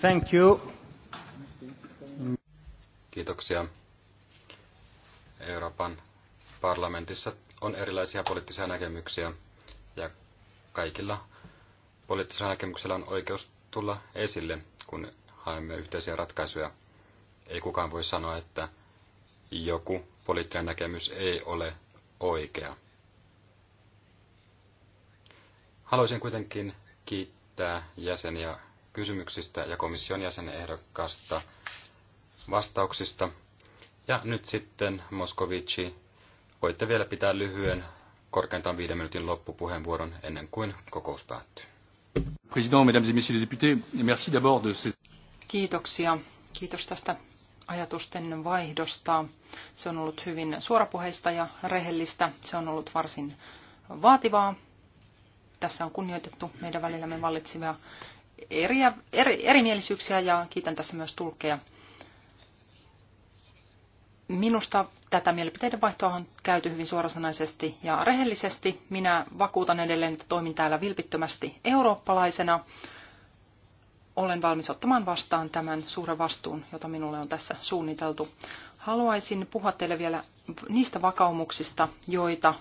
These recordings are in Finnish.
Thank you. Kiitoksia. Euroopan parlamentissa on erilaisia poliittisia näkemyksiä ja kaikilla poliittisilla näkemyksillä on oikeus tulla esille, kun haemme yhteisiä ratkaisuja. Ei kukaan voi sanoa, että joku poliittinen näkemys ei ole oikea. Haluaisin kuitenkin kiittää jäseniä kysymyksistä ja komission jäsenehdokkaasta vastauksista. Ja nyt sitten Moskovici, voitte vielä pitää lyhyen, korkeintaan viiden minuutin loppupuheenvuoron ennen kuin kokous päättyy. President, mesdames et messieurs les députés, merci d'abord de ces... Kiitoksia. Kiitos tästä ajatusten vaihdosta. Se on ollut hyvin suorapuheista ja rehellistä. Se on ollut varsin vaativaa. Tässä on kunnioitettu meidän välillämme vallitsevia eriä, eri, erimielisyyksiä ja kiitän tässä myös tulkkeja. Minusta tätä mielipiteiden vaihtoa on käyty hyvin suorasanaisesti ja rehellisesti. Minä vakuutan edelleen, että toimin täällä vilpittömästi eurooppalaisena. Olen valmis ottamaan vastaan tämän suuren vastuun, jota minulle on tässä suunniteltu. Haluaisin puhua teille vielä niistä vakaumuksista, joita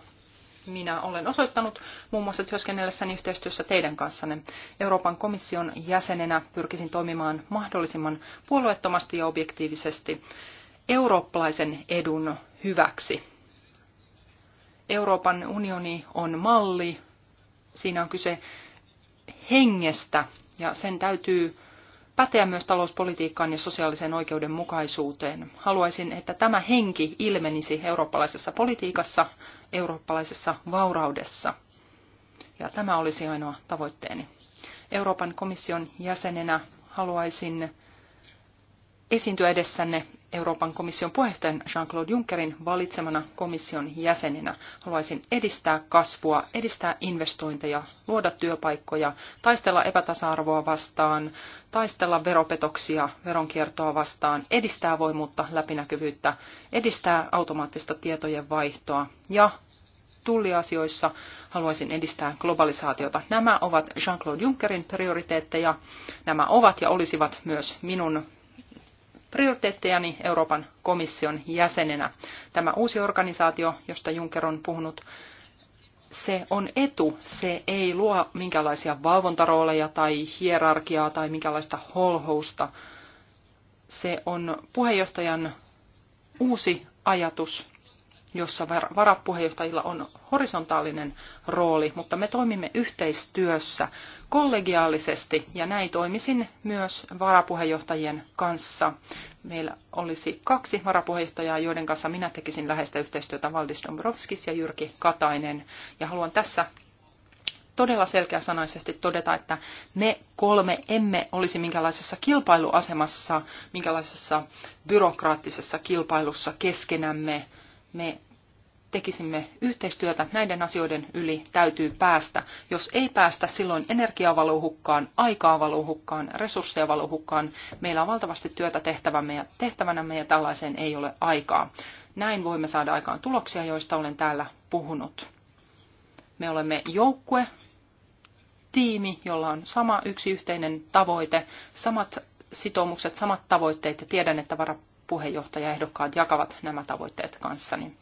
minä olen osoittanut muun muassa työskennellessäni yhteistyössä teidän kanssanne. Euroopan komission jäsenenä pyrkisin toimimaan mahdollisimman puolueettomasti ja objektiivisesti eurooppalaisen edun hyväksi. Euroopan unioni on malli. Siinä on kyse hengestä ja sen täytyy päteä myös talouspolitiikkaan ja sosiaaliseen oikeudenmukaisuuteen. Haluaisin, että tämä henki ilmenisi eurooppalaisessa politiikassa, eurooppalaisessa vauraudessa. Ja tämä olisi ainoa tavoitteeni. Euroopan komission jäsenenä haluaisin esiintyä edessänne Euroopan komission puheenjohtajan Jean-Claude Junckerin valitsemana komission jäsenenä haluaisin edistää kasvua, edistää investointeja, luoda työpaikkoja, taistella epätasa-arvoa vastaan, taistella veropetoksia, veronkiertoa vastaan, edistää voimuutta, läpinäkyvyyttä, edistää automaattista tietojen vaihtoa ja tulliasioissa haluaisin edistää globalisaatiota. Nämä ovat Jean-Claude Junckerin prioriteetteja. Nämä ovat ja olisivat myös minun prioriteettejani Euroopan komission jäsenenä. Tämä uusi organisaatio, josta Juncker on puhunut, se on etu. Se ei luo minkälaisia valvontarooleja tai hierarkiaa tai minkälaista holhousta. Se on puheenjohtajan uusi ajatus jossa varapuheenjohtajilla on horisontaalinen rooli, mutta me toimimme yhteistyössä kollegiaalisesti ja näin toimisin myös varapuheenjohtajien kanssa. Meillä olisi kaksi varapuheenjohtajaa, joiden kanssa minä tekisin läheistä yhteistyötä, Valdis Dombrovskis ja Jyrki Katainen. Ja haluan tässä todella selkeäsanaisesti todeta, että me kolme emme olisi minkälaisessa kilpailuasemassa, minkälaisessa byrokraattisessa kilpailussa keskenämme, me tekisimme yhteistyötä näiden asioiden yli täytyy päästä. Jos ei päästä, silloin energiaa hukkaan, aikaa hukkaan, resursseja hukkaan. Meillä on valtavasti työtä tehtävämme ja tehtävänämme ja tällaiseen ei ole aikaa. Näin voimme saada aikaan tuloksia, joista olen täällä puhunut. Me olemme joukkue, tiimi, jolla on sama yksi yhteinen tavoite, samat sitoumukset, samat tavoitteet ja tiedän, että varapuheenjohtajaehdokkaat jakavat nämä tavoitteet kanssani.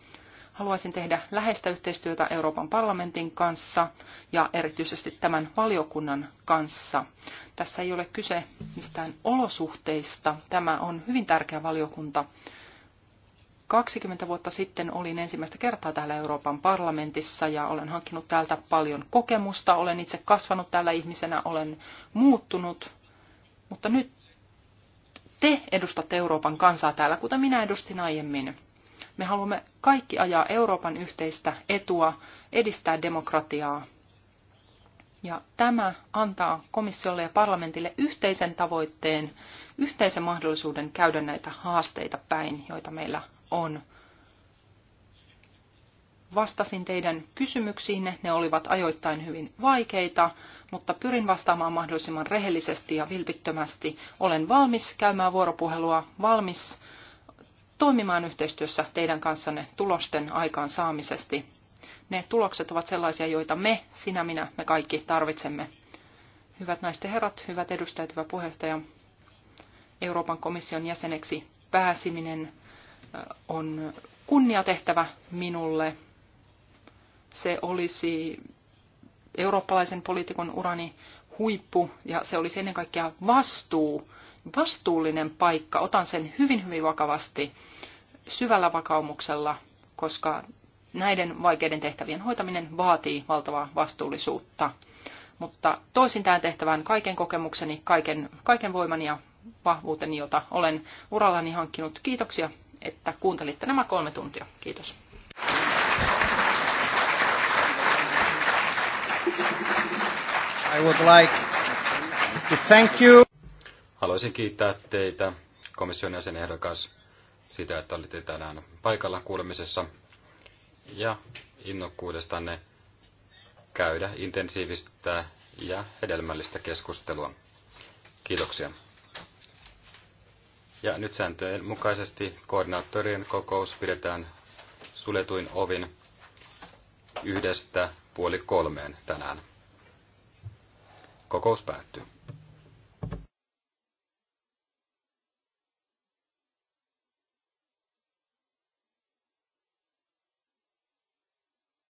Haluaisin tehdä läheistä yhteistyötä Euroopan parlamentin kanssa ja erityisesti tämän valiokunnan kanssa. Tässä ei ole kyse mistään olosuhteista. Tämä on hyvin tärkeä valiokunta 20 vuotta sitten olin ensimmäistä kertaa täällä Euroopan parlamentissa ja olen hankkinut täältä paljon kokemusta. Olen itse kasvanut täällä ihmisenä, olen muuttunut, mutta nyt te edustatte Euroopan kansaa täällä, kuten minä edustin aiemmin. Me haluamme kaikki ajaa Euroopan yhteistä etua, edistää demokratiaa. Ja tämä antaa komissiolle ja parlamentille yhteisen tavoitteen, yhteisen mahdollisuuden käydä näitä haasteita päin, joita meillä on vastasin teidän kysymyksiinne. Ne olivat ajoittain hyvin vaikeita, mutta pyrin vastaamaan mahdollisimman rehellisesti ja vilpittömästi. Olen valmis käymään vuoropuhelua, valmis toimimaan yhteistyössä teidän kanssanne tulosten aikaansaamisesti. Ne tulokset ovat sellaisia, joita me, sinä, minä, me kaikki tarvitsemme. Hyvät naisten herrat, hyvät edustajat, hyvä puheenjohtaja, Euroopan komission jäseneksi pääsiminen on kunniatehtävä minulle. Se olisi eurooppalaisen poliitikon urani huippu ja se olisi ennen kaikkea vastuu, vastuullinen paikka. Otan sen hyvin, hyvin vakavasti syvällä vakaumuksella, koska näiden vaikeiden tehtävien hoitaminen vaatii valtavaa vastuullisuutta. Mutta toisin tämän tehtävään kaiken kokemukseni, kaiken, kaiken voimani ja vahvuuteni, jota olen urallani hankkinut. Kiitoksia, että kuuntelitte nämä kolme tuntia. Kiitos. I would like to thank you. Haluaisin kiittää teitä, komission jäsenehdokas, sitä että olitte tänään paikalla kuulemisessa ja innokkuudestanne käydä intensiivistä ja hedelmällistä keskustelua. Kiitoksia. Ja nyt sääntöjen mukaisesti koordinaattorien kokous pidetään suljetuin ovin yhdestä puoli kolmeen tänään. Kokous päättyy.